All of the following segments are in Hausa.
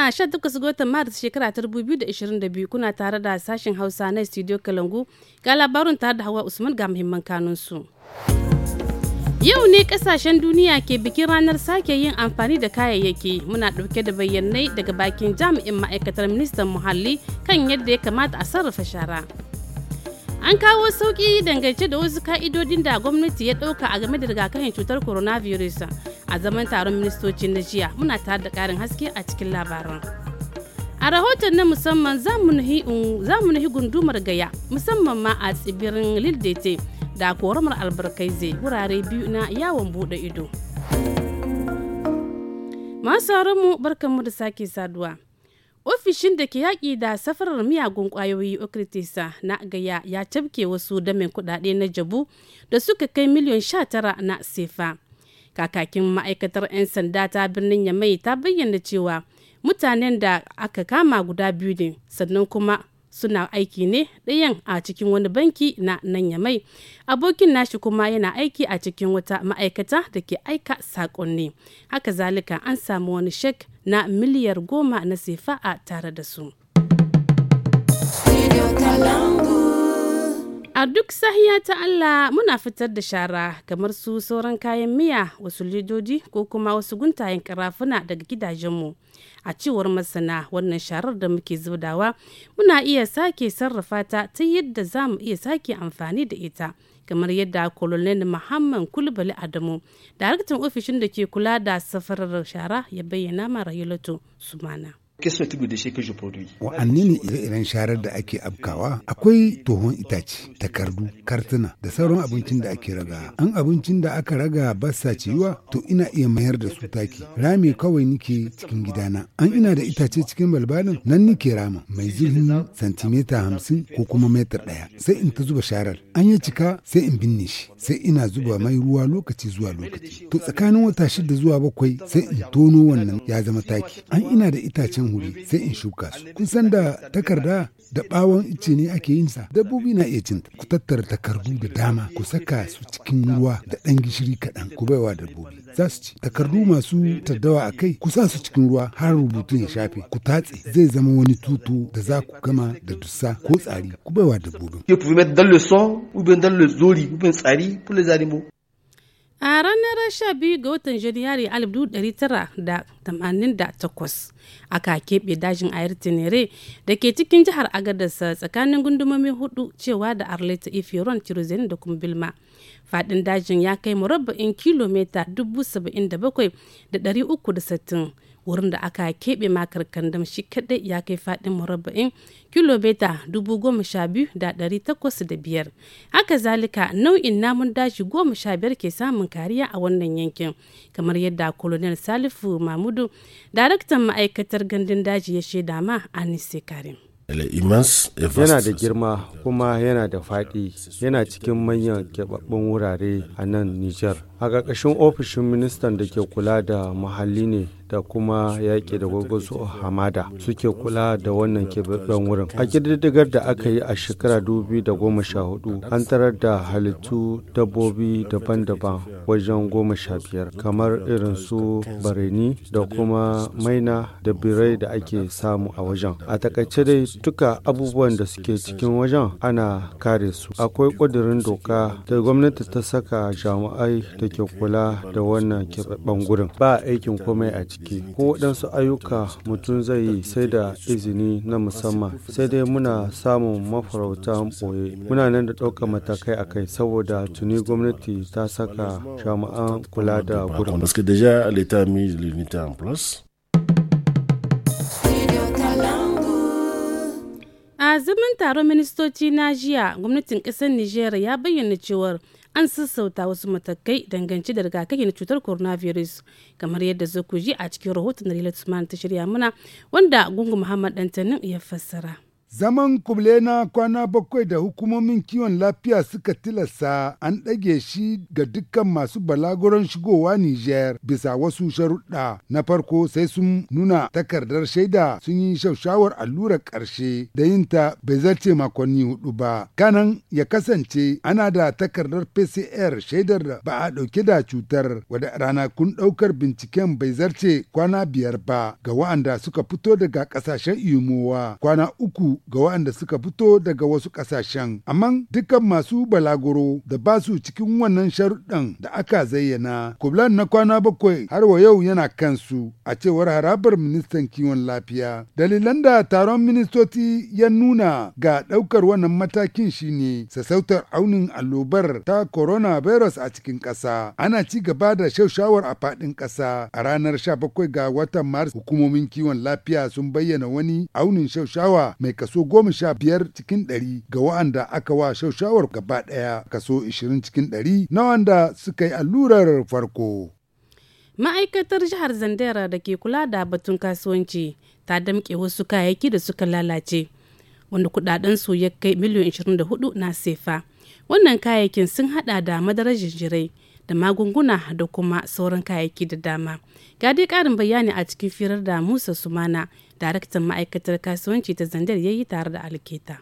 Jama'a 18 ga watan Maris shekara ta 2022 kuna tare da sashen Hausa na Studio Kalangu ga labarin tare da Hawa Usman ga muhimman kanunsu. Yau ne kasashen duniya ke bikin ranar sake yin amfani da kayayyaki muna ɗauke da bayyanai daga bakin jami'in ma'aikatar ministan muhalli kan yadda ya kamata a sarrafa shara. An kawo sauƙi dangance da wasu ka'idodin da gwamnati ya ɗauka a game da rigakafin cutar coronavirus. a zaman taron ministoci na jiya muna tare da karin haske a cikin labaran a rahoton na musamman za mu nahi gundumar gaya musamman ma a tsibirin lildete da koramar zai wurare biyu na yawon bude ido masu mu barkanmu da sake saduwa ofishin da ke yaƙi da safarar miyagun ƙwayoyi okritisa na gaya ya cafke wasu damin kuɗaɗe na jabu da suka kai miliyan 19 na sefa kakakin ma'aikatar 'yan sanda ta birnin yamai ta bayyana cewa mutanen da aka kama guda biyu ne sannan kuma suna aiki ne ɗayan a cikin wani banki na nan yamai abokin nashi kuma yana aiki a cikin wata ma'aikata da ke aika saƙonni haka zalika an samu wani shek na miliyar goma na sefa a tare da su. A duk sahiya ta Allah muna fitar da shara kamar su sauran kayan miya wasu lidoji ko kuma wasu guntayen karafuna daga gidajenmu. A cewar masana wannan sharar da muke zaudawa muna iya sake sarrafa ta ta yadda za mu iya sake amfani da ita. kamar yadda kolonel muhammad kulbali adamu daraktan ofishin da ke kula da safarar shara ya bayyana mara ma su sumana. kesa tudu da shi je produit wa'anne ne ire-iren sharar da ake abkawa akwai tohon itace takardu kartuna da sauran abincin da ake raga an abincin da aka raga ba sa ciwa to ina iya mayar da su taki rami kawai nike cikin gidana an ina da itace cikin balbalin nan nike rama mai zurfin santimita hamsin ko kuma metar ɗaya sai in ta zuba sharar an yi cika sai in binne shi sai ina zuba mai ruwa lokaci zuwa lokaci to tsakanin wata shida zuwa bakwai sai in tono wannan ya zama taki an ina da itacen sai in shuka su. Kun san da takarda da bawon ice ne ake yin sa. Dabbobi na iya ta Ku tattara takardu da dama ku saka su cikin ruwa da ɗan gishiri kaɗan ku baiwa dabbobi. Za su ci. Takardu masu taddawa a kai ku sa su cikin ruwa har rubutun ya shafe. Ku tatse zai zama wani tutu da za ku gama da dussa ko tsari ku baiwa dabbobin. Ke a ranar 12 ga watan janairu 1988 aka keɓe dajin ayar tenere da ke cikin jihar sa tsakanin gundumomi hudu cewa da arleta ifiron tirozin da kuma bilma fadin dajin ya kai murabba'in kilomita da 77,360 wurin da aka keɓe makar kandam shi kadai ya kai faɗin murabba'in kilomita dubu goma sha biyu da ɗari takwas da biyar haka zalika nau'in namun daji goma sha biyar ke samun kariya a wannan yankin kamar yadda kolonel salifu mamudu daraktan ma'aikatar gandun daji ya shaida ma anise karim yana da girma kuma yana da faɗi yana cikin manyan keɓaɓɓen wurare a nan nijar a ƙarƙashin ofishin ministan da ke kula da muhalli ne da kuma yaƙi da gwagwazo hamada suke kula da wannan keɓaɓɓen wurin a ƙididdigar da aka yi a shekara goma 2014 an tarar da halittu dabbobi daban-daban wajen goma sha biyar kamar irin su bareni da kuma maina da birai da ake samu a wajen a takaice dai duka abubuwan da suke cikin wajen ana kare su akwai ƙudurin doka da gwamnati ta saka jami'ai da ke kula da wannan keɓaɓɓen gurin ba aikin komai a ciki ko waɗansu ayyuka mutum zai yi sai da izini na musamman sai dai muna samun mafarauta ɓoye muna nan da ɗaukar matakai a kai saboda tuni gwamnati ta saka jami'an kula da gurin a zaman taron ministoci na jiya gwamnatin ƙasar nijeriya ya bayyana cewar an sassauta wasu matakai dangance da rigakafi na cutar coronavirus kamar yadda zai ku ji a cikin rahoton da Usman ta shirya mana wanda gungu Muhammad Dantanin ya fassara. Zaman kuble na kwana bakwai da hukumomin kiwon lafiya suka tilasta an ɗage shi ga dukkan masu balaguran shigowa Nijar bisa wasu sharuɗa. Na farko sai sun nuna takardar shaida sun yi shaushawar allurar ƙarshe da yinta bai zarce makonni hudu ba. Kanan ya kasance ana da takardar PCR shaidar da ba a ɗauke da cutar wada ranakun ɗaukar binciken bai zarce kwana biyar ba ga wa'anda suka fito daga ƙasashen imuwa kwana uku ga waɗanda suka fito daga wasu ƙasashen. Amma dukkan masu balaguro da ba su cikin wannan sharuɗan da aka zayyana, kublan na kwana bakwai har wa yau yana kansu a cewar harabar ministan kiwon lafiya. Dalilan da taron ministoci ya nuna ga ɗaukar wannan matakin shine sassautar aunin allobar ta coronavirus a cikin ƙasa. Ana ci gaba da shaushawar a faɗin ƙasa a ranar sha bakwai ga watan Mars, hukumomin kiwon lafiya sun bayyana wani aunin shaushawa mai kaso kaso goma sha biyar cikin ɗari ga wa'anda aka wa shaushawar gaba ɗaya kaso ishirin cikin ɗari na wanda suka yi allurar farko. Ma'aikatar jihar Zandera da ke kula da batun kasuwanci ta damƙe wasu kayayyaki da suka lalace wanda kuɗaɗen su ya kai miliyan 24 na sefa. Wannan kayayyakin sun hada da madarar jinjirai da magunguna da kuma sauran kayayyaki da dama ga dai karin bayani a cikin firar da musa sumana daraktan ma'aikatar kasuwanci ta zandar yayi tare da alketa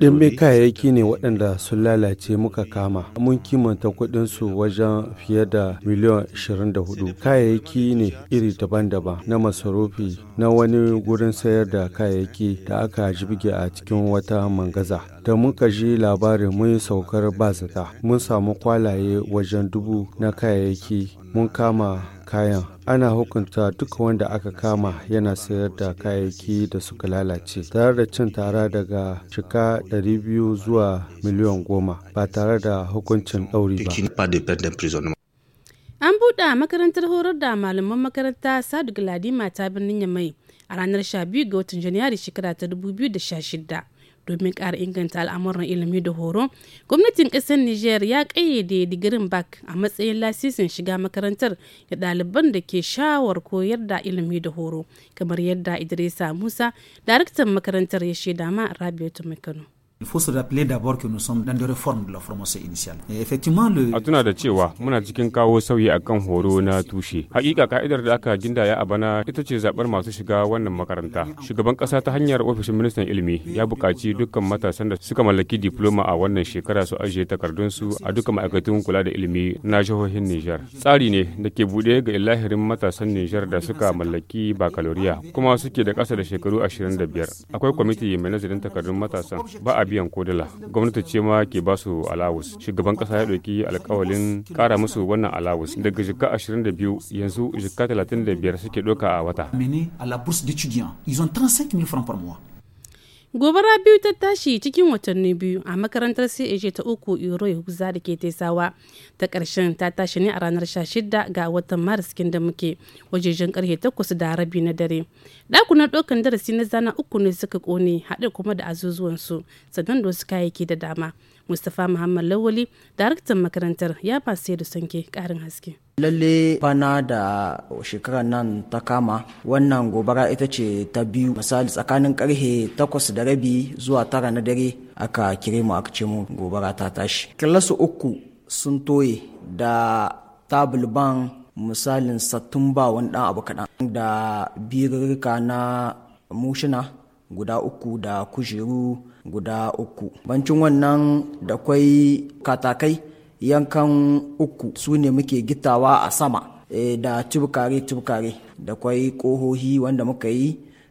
Dimbe kayayyaki ne waɗanda sun lalace muka kama. Mun kimanta kuɗinsu wajen fiye da miliyan 24. Kayayyaki ne iri daban-daban na masarufi na wani gurin sayar da kayayyaki da aka jibge a cikin wata mangaza. Da muka ji labarin mun yi saukar bazata, mun samu kwalaye wajen dubu na kayayyaki mun kama kayan ana hukunta duk wanda aka kama yana sayar da kayayyaki da suka lalace tare da cin tara daga cika 200 zuwa miliyan goma ba tare da hukuncin ɗauri ba an buɗe makarantar horar da malaman makaranta sadu galadima ta birnin yamai a ranar 12 ga watan janairu shekara ta 2016 domin ƙara inganta al'amuran ilimi da horo gwamnatin ƙasar niger ya ƙayyade digirin bak a matsayin lasisin shiga makarantar ga ɗaliban da ke shawar koyar da ilimi da horo kamar yadda idrisa musa daraktan makarantar ya shaida ma rabiatu mai kano Il faut se rappeler d'abord que nous sommes dans des réformes de la formation initiale. Et effectivement le A tuna da cewa muna cikin kawo sauyi kan horo na tushe. Hakika ka'idar da aka gindaya a bana ita ce zabar masu shiga wannan makaranta. Shugaban kasa ta hanyar ofishin ministan ilimi ya buƙaci dukkan matasan da suka mallaki diploma a wannan shekara su ajiye takardun su a dukkan ma'aikatun kula da ilimi na jihohin Nijar. Tsari ne da ke buɗe ga ilahirin matasan Nijar da suka mallaki bakaloriya kuma suke da ƙasa da shekaru 25. Akwai kwamiti mai nazarin takardun matasan. Ba biyan ko dala gwamnati ce ma ke ba su alawus shugaban kasa ya dauki alkawalin kara musu wannan alawus daga jika 22 yanzu jika 35 suke doka a wata. Mene francs par mois. gobara biyu ta tashi cikin watanni biyu a makarantar CAG ta uku iro yahuza da ke taisawa ta ƙarshen ta tashi ne a ranar 16 ga watan maris kin da muke wajejen karfe 8 da rabi na dare ɗakunan ɗaukan darasi na zana uku ne suka ƙone haɗe kuma da azuzuwansu sannan da wasu kayayyaki da dama Mustapha Muhammad Lawali, daraktan makarantar ya fasa da sanke karin haske. lalle bana da shekarar nan ta kama wannan gobara ita ce ta biyu misali tsakanin karhe takwas da rabi zuwa tara na dare aka kire mu aka ce mu gobara ta tashi kilasu uku sun toye da tabulban misalin satumba wani dan abu kaɗan da birrika na mushina guda uku da kujeru guda uku bancin wannan da kwai katakai yankan uku su ne muke gitawa a sama e, da tubkare tubkare da kwai kohohi wanda muka yi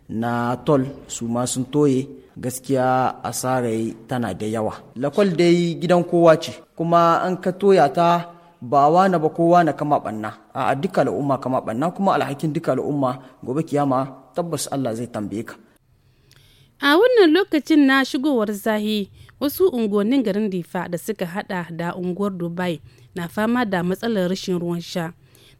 na tol su ma sun toye gaskiya asarai tana da yawa lakwal dai gidan kowa ce kuma an ka toya ta ba wani ba kowa na kama banna a duka al'umma kama banna kuma alhakin duka al'umma gobe kiyama tabbas Allah zai tambaye ka a wannan lokacin na shigowar zahi wasu unguwannin garin difa da suka hada da unguwar dubai na fama da matsalar rashin ruwan sha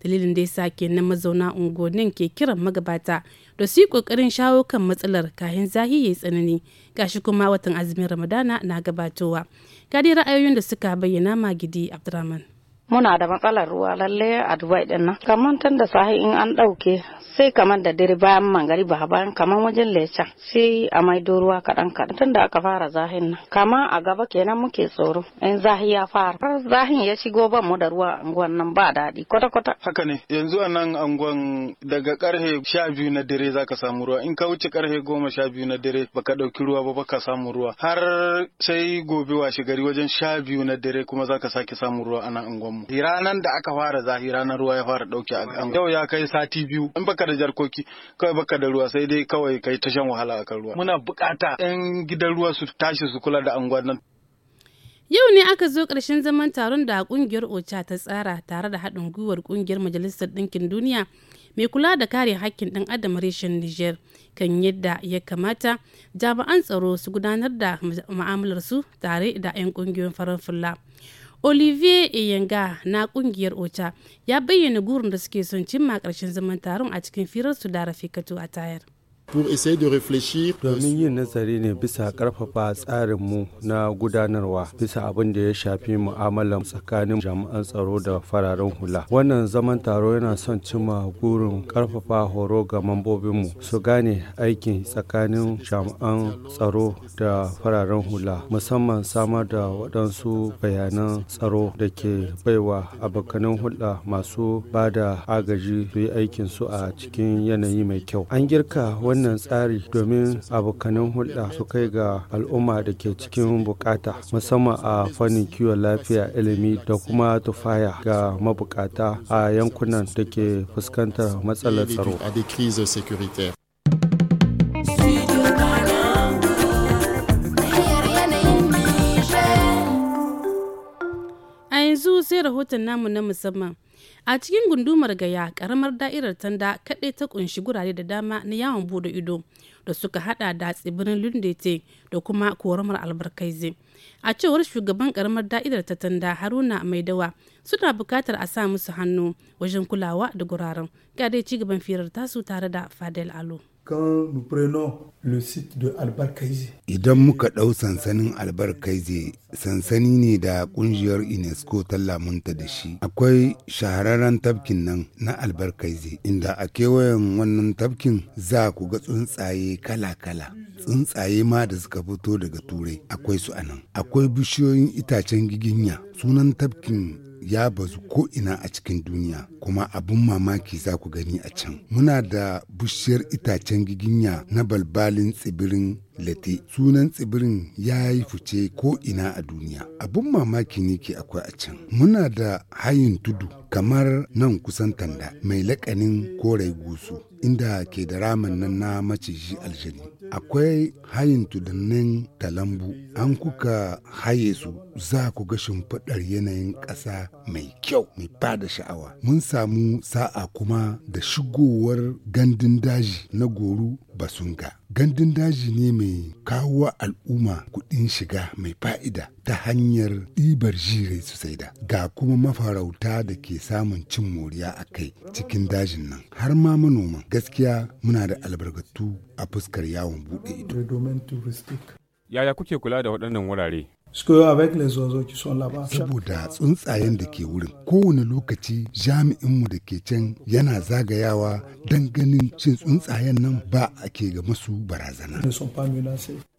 dalilin da sake kenan mazauna unguwannin ke kiran magabata da su yi kokarin shawo kan matsalar kayan zahi ya tsanani gashi kuma watan azumin ramadana na gabatowa ga ra'ayoyin da suka bayyana magidi abdurrahman muna da matsalar ruwa lalle a Dubai din nan kamar tun da sahi in an ɗauke sai kamar da dare bayan mangari ba bayan kamar wajen lecha sai a maido ruwa kaɗan kaɗan tun da aka fara zahin nan kama a gaba kenan muke tsoro in zahi ya fara har zahin ya shigo ban mu da ruwa anguwan nan ba daɗi kwata kwata haka ne yanzu a nan anguwan daga karhe sha biyu na dare za ka samu ruwa in ka wuce karhe goma sha biyu na dare baka ɗauki ruwa ba baka samu ruwa har sai gobe washe gari wajen sha biyu na dare kuma za ka sake samu ruwa a nan anguwan mu ranar da aka fara zafi ranar ruwa ya fara dauke a yau ya kai sati biyu in baka da jarkoki kawai baka da ruwa sai dai kawai kai ta shan wahala akan ruwa muna bukata yan gidan ruwa su tashi su kula da anguwan Yau ne aka zo ƙarshen zaman taron da ƙungiyar OCHA ta tsara tare da haɗin gwiwar ƙungiyar Majalisar Ɗinkin Duniya mai kula da kare haƙƙin ɗan adam reshen Niger kan yadda ya kamata jami'an tsaro su gudanar da su tare da 'yan ƙungiyoyin farar fulla. olivier Iyenga na kungiyar ocha ya bayyana gurin da suke son cimma karshen zaman taron a cikin firar su da rafi a tayar domin yin nazari ne bisa karfafa tsarinmu na gudanarwa bisa abin da ya shafi mu'amalar tsakanin jami'an tsaro da fararen hula wannan zaman taro yana son cimma gurin karfafa horo ga mambobinmu su gane aikin tsakanin jami'an tsaro da fararen hula musamman samar da waɗansu bayanan tsaro da ke baiwa abokanin hula masu ba da agaji su yi aikinsu a cikin yanayi mai kyau an girka wani wannan tsari domin abokanin hulɗa su kai ga al'umma da ke cikin bukata musamman a fannin kiwon lafiya ilimi da kuma tufaya ga mabukata a yankunan da ke fuskantar matsalar tsaro. A yanzu sai rahoton namu na musamman. a cikin gundumar gaya karamar da'irar tanda kaɗai ta kunshi gurare da dama na yawon bude ido da suka hada da tsibirin lundete da kuma koramar zai a cewar shugaban karamar da'irar ta tanda haruna maidawa suna bukatar a sa musu hannu wajen kulawa da guraren ga dai cigaban firar tasu tare da fadel alo quand nous prenons le site de Albarkaize. Idan muka ɗau sansanin Albarkaize sansani ne da ƙungiyar UNESCO ta lamunta da shi. Akwai shahararren tafkin nan na Albarkaize inda a kewayen wannan tafkin za ku ga tsuntsaye kala-kala. Tsuntsaye ma da suka fito daga turai akwai su anan. Akwai bishiyoyin itacen giginya sunan tafkin ya bazu ko ina a cikin duniya kuma abin mamaki za ku gani a can. Muna da bushiyar itacen giginya na balbalin tsibirin lati sunan tsibirin ya yi fice ko ina a duniya abun mamaki ne ke akwai a can muna da hayin tudu kamar nan kusan tanda mai lakanin korai gusu inda ke da ramin nan na maciji aljani akwai hayin tudannin talambu an kuka haye su za ku ga shimfiɗar yanayin ƙasa mai kyau mai bada sha'awa mun samu sa'a kuma da shigowar gandun daji na goru basunga gandun daji ne mai kawo al'umma kuɗin shiga mai fa'ida ta hanyar ɗibar jirai su saida ga kuma mafarauta da ke samun cin moriya a kai cikin dajin nan har ma manoman gaskiya muna da albarkatu a fuskar yawon buɗe ido yaya kuke kula da waɗannan wurare Saboda tsuntsayen da ke wurin kowane lokaci jami'inmu da ke can yana zagayawa don ganin cin tsuntsayen nan ba a ke ga masu barazana.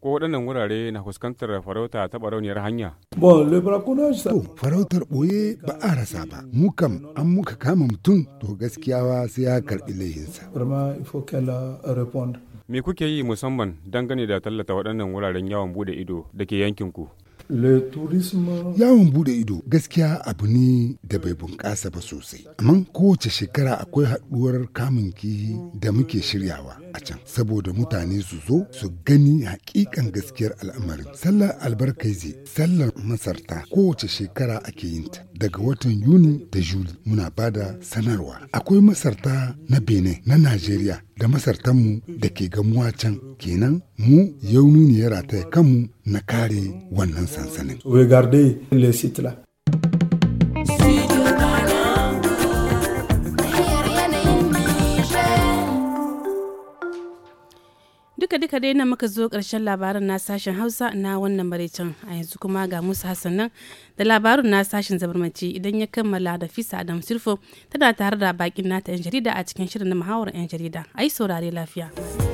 Ko waɗannan wurare na fuskantar farauta ta barauniyar hanya? To, farautar ɓoye ba a rasa ba. Mu kam an muka kama mutum to gaskiyawa sai ya karɓi laihinsa. Uh, Me kuke yi musamman dangane da tallata waɗannan wuraren yawon bude ido da ke yankinku? Yawon bude ido gaskiya abu ne da bai bunƙasa ba sosai. Amma kowace shekara akwai haɗuwar kamun kihi da muke shiryawa. a can saboda mutane su zo su gani hakikan gaskiyar al'amarin sallar albarkaizi sallar masarta kowace shekara ake yin ta daga watan yuni da juli muna bada sanarwa akwai masarta na benin na najeriya da masartanmu da ke gamuwa can kenan mu yau ne ya rataya kanmu na kare wannan sansanin. Regardez le kada duka dai na muka zo ƙarshen labarin na sashen hausa na wannan maraicin a yanzu kuma ga musu hassan nan da labarin na sashen zabarmaci idan ya kammala da fisa adam sirfo tana tare da bakin nata yan jarida a cikin shirin na muhawar yan jarida a yi saurare lafiya.